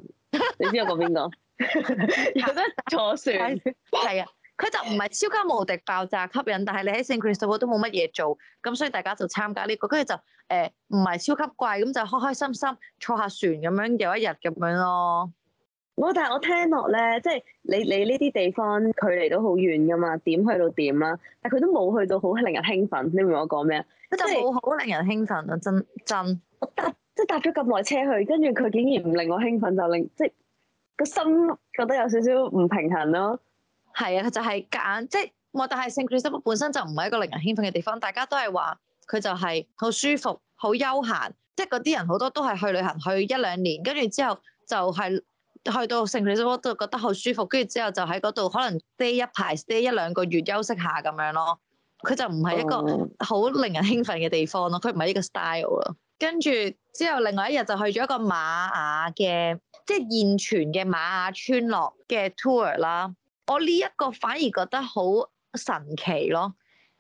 你知我講邊個？有得坐船，係啊。佢就唔係超級無敵爆炸吸引，但係你喺聖克里斯都冇乜嘢做，咁所以大家就參加呢、這個，跟住就誒唔係超級貴，咁就開開心心坐下船咁樣有一日咁樣咯。我、哦、但係我聽落咧，即、就、係、是、你你呢啲地方距離都好遠㗎嘛，點去到點啦、啊？但佢都冇去到好令人興奮，你明我講咩啊？佢就冇好令人興奮啊！真真，我搭即係、就是、搭咗咁耐車去，跟住佢竟然唔令我興奮，就令即係個心覺得有少少唔平衡咯。係啊，佢就係隔即係，我、就是、但係聖克里斯托本身就唔係一個令人興奮嘅地方。大家都係話佢就係好舒服、好休閒，即係嗰啲人好多都係去旅行去一兩年，跟住之後就係、是、去到聖克里斯托都覺得好舒服，跟住之後就喺嗰度可能 stay 一排、stay 一兩個月休息下咁樣咯。佢就唔係一個好令人興奮嘅地方咯，佢唔係呢個 style 咯。跟住之後另外一日就去咗一個馬雅嘅，即、就、係、是、現存嘅馬雅村落嘅 tour 啦。我呢一個反而覺得好神奇咯，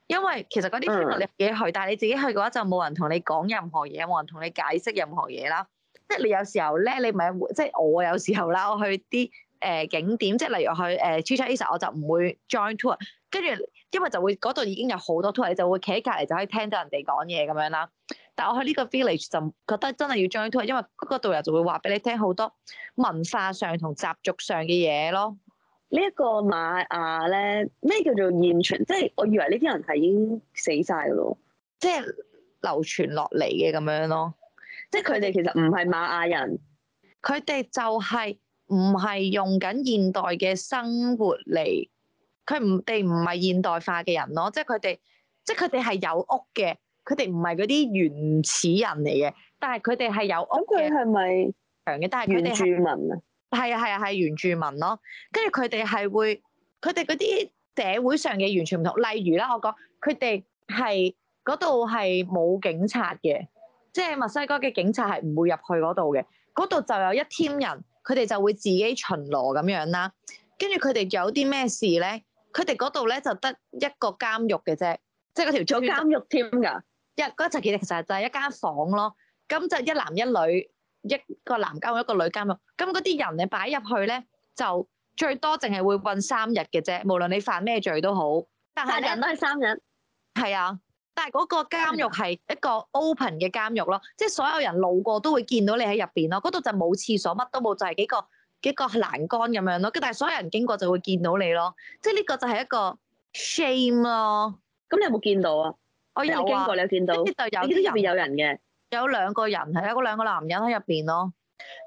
因為其實嗰啲村落你自己去，但係你自己去嘅話就冇人同你講任何嘢，冇人同你解釋任何嘢啦。 即係你有時候咧，你咪即係我有時候啦，我去啲誒、呃、景點，即係例如去誒 Chichén Itzá 我就唔會 join tour，跟住因為就會嗰度已經有好多 tour，你就會企喺隔離就可以聽到人哋講嘢咁樣啦。但係我去呢個 village 就覺得真係要 join tour，因為個導遊就會話俾你聽好多文化上同習俗上嘅嘢咯。呢一個馬雅咧，咩叫做現存？即係我以為呢啲人係已經死晒嘅咯，即係流傳落嚟嘅咁樣咯。即係佢哋其實唔係馬雅人，佢哋就係唔係用緊現代嘅生活嚟。佢唔，佢哋唔係現代化嘅人咯。即係佢哋，即係佢哋係有屋嘅。佢哋唔係嗰啲原始人嚟嘅，但係佢哋係有屋。佢係咪強嘅？但係原住民啊？係啊，係啊，係原住民咯，跟住佢哋係會，佢哋嗰啲社會上嘅完全唔同。例如啦，我講佢哋係嗰度係冇警察嘅，即係墨西哥嘅警察係唔會入去嗰度嘅。嗰度就有一添人，佢哋就會自己巡邏咁樣啦。跟住佢哋有啲咩事咧，佢哋嗰度咧就得一個監獄嘅啫，即係嗰條做監獄添噶，一嗰集其實就係一間房咯，咁就一男一女。一個男監獄一個女監獄，咁嗰啲人你擺入去咧，就最多淨係會困三日嘅啫，無論你犯咩罪都好。但係人都係三日。係啊，但係嗰個監獄係一個 open 嘅監獄咯，即係所有人路過都會見到你喺入邊咯。嗰度就冇廁所，乜都冇，就係幾個幾個欄杆咁樣咯。跟住但係所有人經過就會見到你咯。即係呢個就係一個 shame 咯。咁你有冇見到啊？我有啊。經過你見到，呢度有入邊有人嘅。有兩個人係啊，嗰兩個男人喺入邊咯，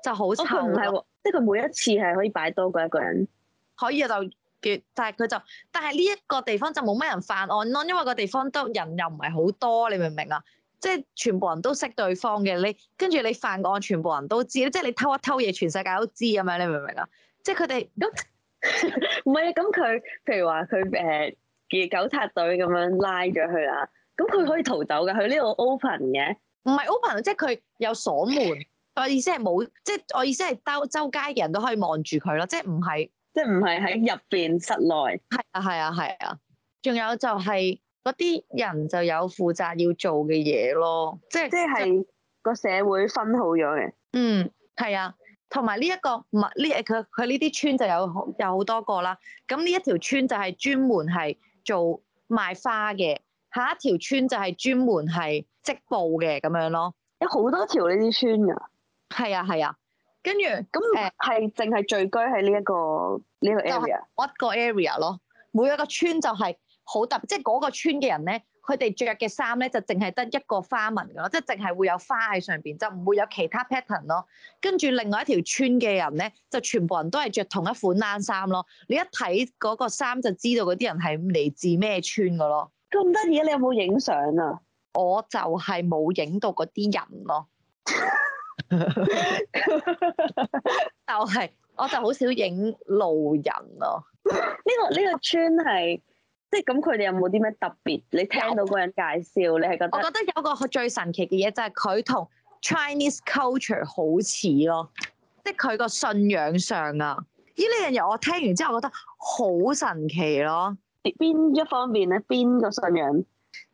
就好臭咯。哦哦。即係佢每一次係可以擺多過一個人，可以啊，就但係佢就，但係呢一個地方就冇乜人犯案咯，因為個地方都人又唔係好多，你明唔明啊？即係全部人都識對方嘅，你跟住你犯案，全部人都知，即係你偷一偷嘢，全世界都知咁樣，你明唔明啊？即係佢哋咁唔係啊？咁佢 譬如話佢誒嘅狗賊隊咁樣拉咗佢啦，咁佢可以逃走噶，佢呢度 open 嘅。唔係 open，即係佢有鎖門。 我意思係冇，即係我意思係兜周街嘅人都可以望住佢咯，即係唔係，即係唔係喺入邊室內。係啊，係啊，係啊。仲有就係嗰啲人就有負責要做嘅嘢咯，即係即係個社會分好咗嘅。嗯，係啊，同埋呢一個物呢，佢佢呢啲村就有有好多個啦。咁呢一條村就係專門係做賣花嘅，下一條村就係專門係。織布嘅咁樣咯，有好多條呢啲村噶，啊，係啊係啊，跟住咁誒係淨係聚居喺呢，這個這個，一個呢個 area，個 area 咯，每一個村就係好特別，即係嗰個村嘅人咧，佢哋着嘅衫咧就淨係得一個花紋噶咯，即係淨係會有花喺上面，就唔會有其他 pattern 咯。跟住另外一條村嘅人咧，就全部人都係着同一款冷衫咯。你一睇嗰個衫就知道嗰啲人係嚟自咩村噶咯。咁得意啊！你有冇影相啊？我就係冇影到嗰啲人咯、 就是，就係我就好少影路人咯、這個。呢個呢個村係 即係咁，佢哋有冇啲咩特別？你聽到個人介紹，我你係覺得？我覺得有個最神奇嘅嘢就係、係、佢同 Chinese culture 好似咯，即係佢個信仰上啊。咦？呢樣嘢我聽完之後覺得好神奇咯。邊一方面咧？邊個信仰？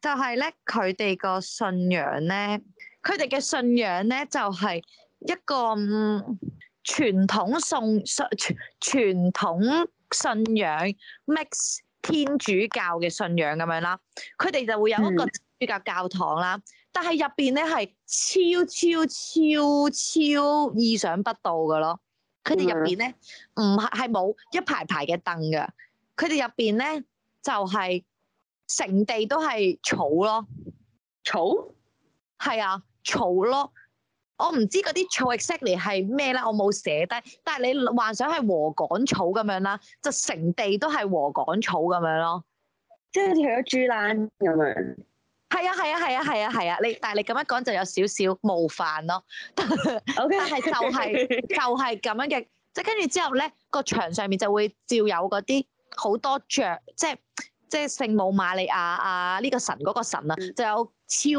就係咧，佢哋個信仰咧，佢哋嘅信仰咧就係、是、一個、嗯、傳統信信傳統信仰 mix 天主教嘅信仰咁樣啦。佢哋就會有一個主教教堂啦，嗯、但係入邊咧係超超超超意想不到嘅咯。佢哋入邊咧唔係係冇一排排嘅凳嘅，佢哋入邊咧就係、是。成地都係草咯，草？係啊，草咯，我唔知嗰啲草 exactly 係咩啦，我冇寫低。但係你幻想係禾稈草咁樣啦，就成地都係禾稈草咁樣咯，即係好似去咗豬欄咁樣。係啊係啊係啊係啊係啊，啊，啊，啊，你但係你咁樣講就有少少冒犯咯。 Okay. 但係就係、是、就係、是、咁樣嘅，即係跟住之後咧，個牆上面就會照有嗰啲好多雀，即係。即係聖母瑪利亞啊！呢、這個神嗰、那個神啊，就有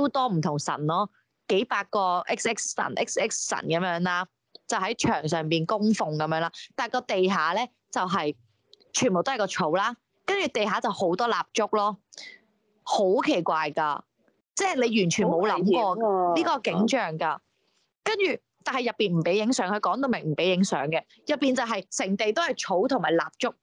超多唔同神咯，幾百個 X X 神 X X 神咁樣啦，就喺牆上邊供奉咁樣啦。但係個地下咧就係、是、全部都係個草啦，跟住地下就好多蠟燭咯，好奇怪㗎！即係你完全冇諗過呢個景象㗎。跟住，但係入邊唔俾影相，佢講到明唔俾影相嘅。入邊就係、是、成地都係草同埋蠟燭。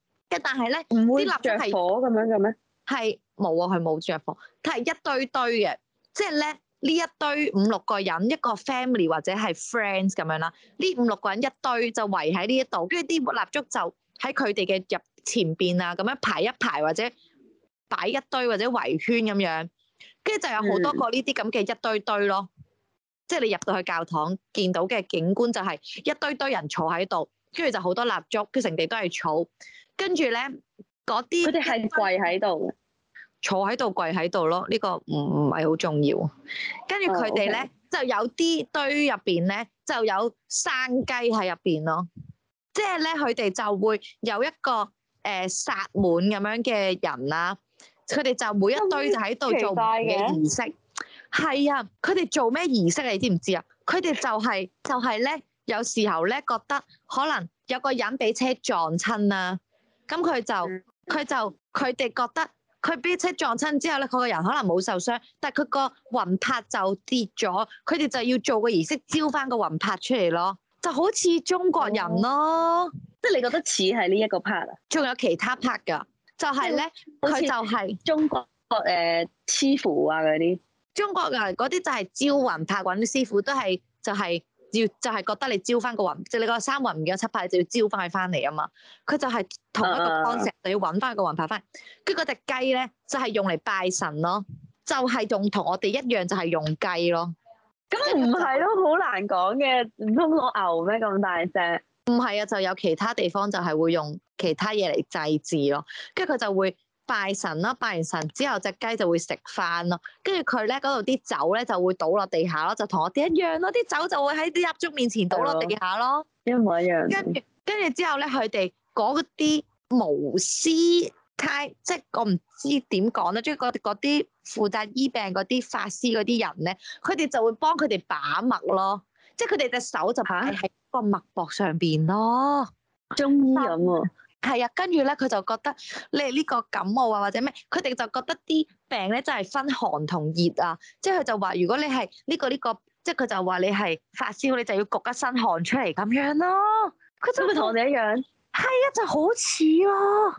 但係咧，唔會啲蠟燭係火咁樣嘅咩？係冇啊，佢冇着火，佢係一堆堆嘅，即係咧呢一堆五六個人，一個 family 或者係 friends 咁樣啦，呢五六個人一堆就圍喺呢一度，跟住啲蠟燭就喺佢哋嘅入前邊啊，咁樣排一排或者擺一堆或者圍圈咁樣，跟住就有好多個呢啲咁嘅一堆堆咯，即係、嗯、你入到去教堂見到嘅景觀就係一堆堆人坐喺度。跟住就好多蠟燭，跟成地都係草。跟住咧，嗰啲佢哋係跪喺度，坐喺度，跪喺度咯。呢個唔唔係好重要。跟住佢哋咧，oh, okay. 就有啲堆入邊咧，就有生雞喺入邊咯。即係咧，佢哋就會有一個誒、呃、殺滿咁樣嘅人啦、啊。佢哋就每一堆就喺度做嘅儀式？係啊，佢哋做咩儀式、啊、你知唔知啊？佢哋就係、是、就係、是、咧。就是有時候咧，覺得可能有個人俾車撞親啊。咁佢就佢就佢哋覺得佢俾車撞親之後咧，佢個人可能冇受傷，但係佢個魂魄就跌咗，佢哋就要做個儀式招翻個魂魄、魄出嚟咯，就好似中國人咯，嗯、即係你覺得似係呢一個 part 啊？仲有其他 part 㗎，就係、是、咧，佢、嗯、就係、是、中國誒、呃、師傅啊嗰啲，中國人嗰啲就係招魂魄搵啲師傅都係就係、是。就是要就係覺得你招翻個魂，即、就、係、是、你個三魂唔見咗七魄，就要招翻佢翻嚟啊嘛。佢就係同一個 concept 就要揾翻個魂牌翻。跟住嗰隻雞咧，就係、是、用嚟拜神咯，就係、是、用同我哋一樣，就係用雞咯。咁唔係都好難講嘅，唔通攞牛咩咁大隻？唔係啊，就有其他地方就係會用其他嘢嚟祭祀咯。跟住佢就會。拜神咯，拜完神之後隻雞就會食翻咯，跟住佢咧嗰度啲酒咧就會倒落地下咯，就同我哋一樣咯，啲酒就會喺啲入粥面前倒落地下咯，一模、哦、一樣。跟住跟住之後咧，佢哋嗰啲巫師太，即係我唔知點講咧，即係嗰啲負責醫病嗰啲法師嗰啲人咧，佢哋就會幫佢哋把脈咯，即係佢哋隻手就擺喺個脈搏上邊咯，中醫咁喎。係啊，跟住咧，佢就覺得你呢個感冒啊，或者咩，佢哋就覺得啲病咧真係分寒同熱啊。即係佢就話，如果你係呢個呢個，即係佢就話你係發燒，你就要焗一身汗出嚟咁樣咯。佢真係同我哋一樣？係啊，就好似咯，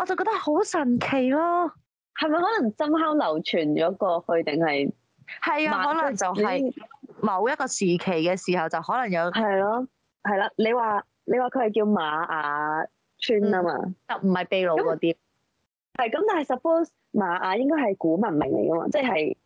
我就覺得好神奇咯。係咪可能針灸流傳咗過去定係？係啊，可能就係某一個時期嘅時候，就可能有。係咯、啊，係啦、啊啊，你話你話佢係叫馬雅。村啊嘛，就唔係秘魯嗰啲，係咁，但係 suppose 馬雅應該係古文明嚟噶嘛，即係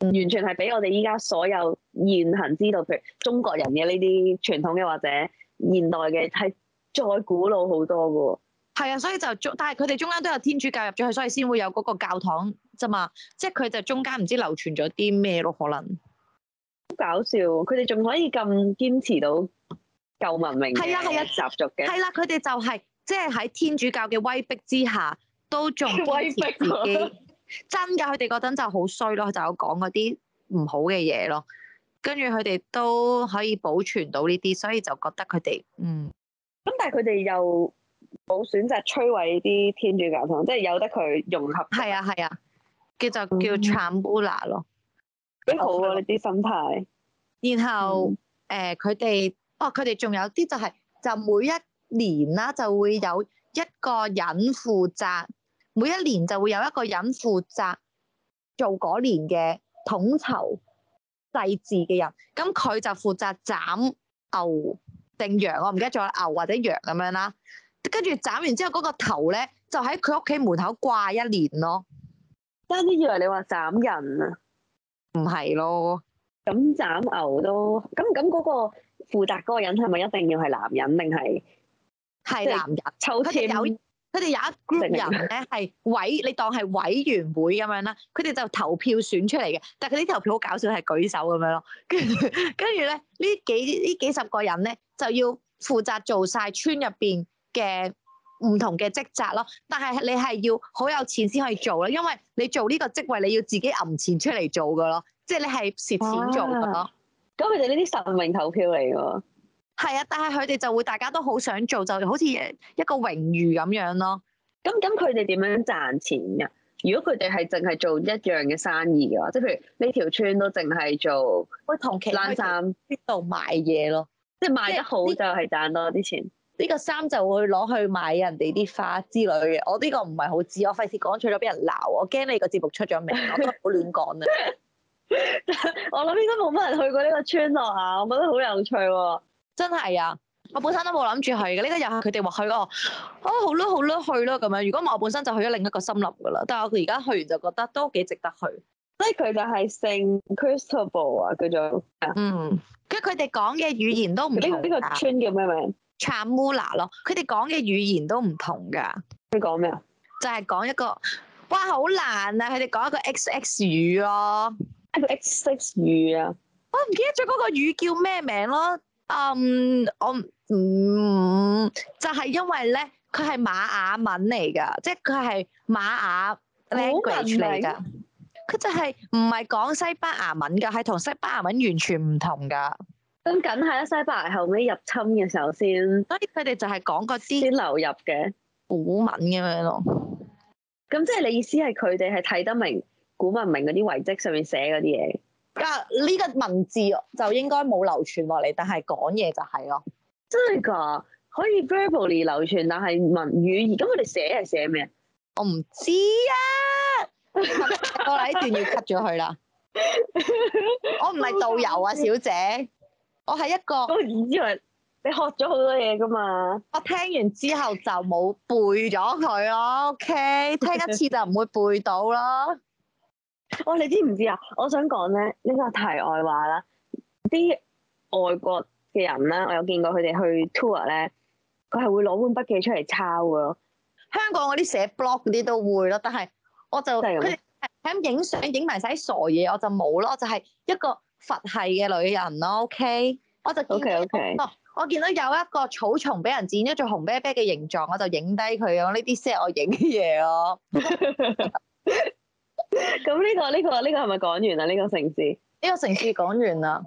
完全係比我哋依家所有現行知道，譬如中國人嘅呢啲傳統嘅或者現代嘅，係再古老好多噶。係啊，所以就但係佢哋中間都有天主教入咗去，所以先會有嗰個教堂啫嘛。即係佢就中間唔知流傳咗啲咩咯，可能好搞笑，佢哋仲可以咁堅持到舊文明嘅習俗嘅。係啦，佢哋就係。即係喺天主教嘅威逼之下，都仲威逼自己，迫啊、 真㗎！佢哋嗰陣就好衰咯，就有講嗰啲唔好嘅嘢咯。跟住佢哋都可以保存到呢啲，所以就覺得佢哋嗯。咁但係佢哋又冇選擇摧毀啲天主教堂，即係由得佢融合。係啊係啊，叫做叫 Cambula 咯，幾好啊！呢啲、嗯、心態。然後誒，佢哋、嗯呃、哦，佢哋仲有啲就係、是、就每一年啦、啊，就會有一個人負責。每一年就會有一個人負責做嗰年嘅統籌細緻嘅人。咁佢就負責斬牛定羊，我唔記得咗牛或者羊咁樣啦。跟住斬完之後，嗰個頭咧就喺佢屋企門口掛一年咯。啱先以為你話斬人啊？唔係咯。咁斬牛都咁咁嗰個負責嗰個人係咪一定要係男人定係？係男人，佢哋有佢哋有一 group 人咧係委， 你當係委員會咁樣啦。佢哋就投票選出嚟嘅，但係佢啲投票好搞笑，係舉手咁樣咯。跟 住，跟住咧，呢幾呢幾十個人咧就要負責做晒村入邊嘅唔同嘅職責咯。但係你係要好有錢先可以做咯，因為你做呢個職位你要自己揞錢出嚟做噶咯，即係你係蝕錢做噶咯。咁佢哋呢啲實名投票嚟㗎。係啊，但係佢哋就會大家都好想做，就好似一個榮譽咁樣咯。咁咁佢哋點樣賺錢噶？如果佢哋係淨係做一樣嘅生意嘅話，即係譬如呢條村都淨係做，喂，同佢去冷衫呢度賣嘢咯，即係賣得好就係賺多啲錢。呢個衫就會攞去買人哋啲花之類嘅。我呢個唔係好知，我費事講錯咗俾人鬧，我驚你個節目出咗名，我都好亂講啊。 我諗應該冇乜人去過呢個村落啊，我覺得好有趣喎、啊。真係啊！我本身都冇諗住去嘅，呢個又係佢哋話去咯。哦，好咯，好咯，去咯咁樣。如果唔係我本身就去咗另一個森林㗎啦。但係我而家去完就覺得都幾值得去。所以佢就係聖 Cristóbal 啊，叫做。嗯，跟佢哋講嘅語言都唔同。呢個呢個村叫咩名？Chamula 咯，佢哋講嘅語言都唔同㗎。佢講咩啊？就係講一個，哇，好難啊！佢哋講一個 X X 語啊，一個 X, X X 語啊，我唔記得咗嗰個語叫咩名咯。嗯，我唔、um, um, 就係因為咧，佢係馬雅文嚟噶，即係佢係馬雅 language 嚟噶。佢 就係唔係講西班牙文㗎，係同西班牙文完全唔同㗎。咁梗係啦，西班牙後尾入侵嘅時候先。所以佢哋就係講嗰啲流入嘅古文咁樣咯。咁即係你意思係佢哋係睇得明古文明嗰啲遺跡上面寫嗰啲嘢？呢、啊呢個文字就應該冇流傳落嚟，但係講嘢就係咯。真係㗎，可以 verbally 流傳，但係文語而家佢哋寫係寫咩？我唔知啊，個禮 段要 cut 咗佢啦。 我唔係導遊啊，小姐，我係一個。然之咪，你學咗好多嘢㗎嘛。我聽完之後就冇背咗佢咯。OK，聽一次就唔會背到咯。哦，你知唔知啊？我想講咧，呢個題外話啦，啲外國嘅人咧，我有見過佢哋去 tour 咧，佢係會攞本筆記出嚟抄噶咯。香港嗰啲寫 blog 嗰啲都會咯，但係我就佢哋係咁影相影埋晒啲傻嘢，我就冇咯，我就係一個佛系嘅女人咯。OK，我就 OK。哦，我見到有一個草叢俾人剪咗做紅啤啤嘅形狀，我就影低佢。我呢啲係我影啲嘢咯。 咁呢 個呢個呢個係咪講完啊？呢個城市呢個城市講完啦。